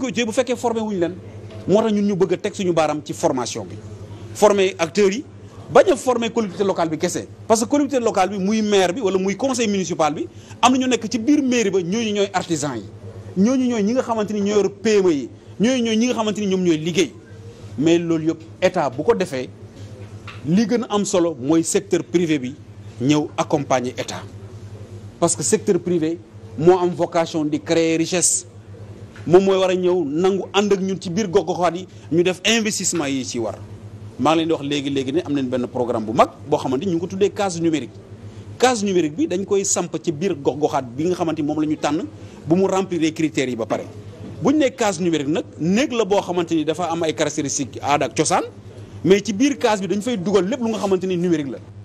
koy téye bu fekkee formé wuñ leen moo tax ñun ñu bëgg a teg suñu baaram ci formation bi former acteurs yi bañ a former collectivité locale bi kese parce que collectivité local bi muy maire bi wala muy conseil municipal bi am na ñu nekk ci biir mairie ba ñooñu ñooy artisan yi ñu ñooy ñi nga xamante ni ñoo yor PME yi ñooñu ñooy ñi nga xamante ni ñoom ñooy liggéey mais loolu yëpp état bu ko defee li gën a am solo mooy secteur privé bi ñëw accompagner état parce que secteur privé moo am vocation di créer richesse moom mooy war a ñëw nangu ànd ak ñun ci biir gox-goxaat yi ñu def investissement yi ci war maa ngi leen di wax léegi léegi ne am nañ benn programme bu mag boo xamante ñu ngi ko tuddee case numérique case numérique bi dañ koy samp ci biir gox-goxaat bi nga xamante moom la ñu tànn bu mu remplir critères yi ba pare. bu ñu nee case numérique nag néeg la boo xamante ni dafa am ay caractéristiques aada ak cosaan mais ci biir case bi dañ fay dugal lépp lu nga xamante ni numérique la.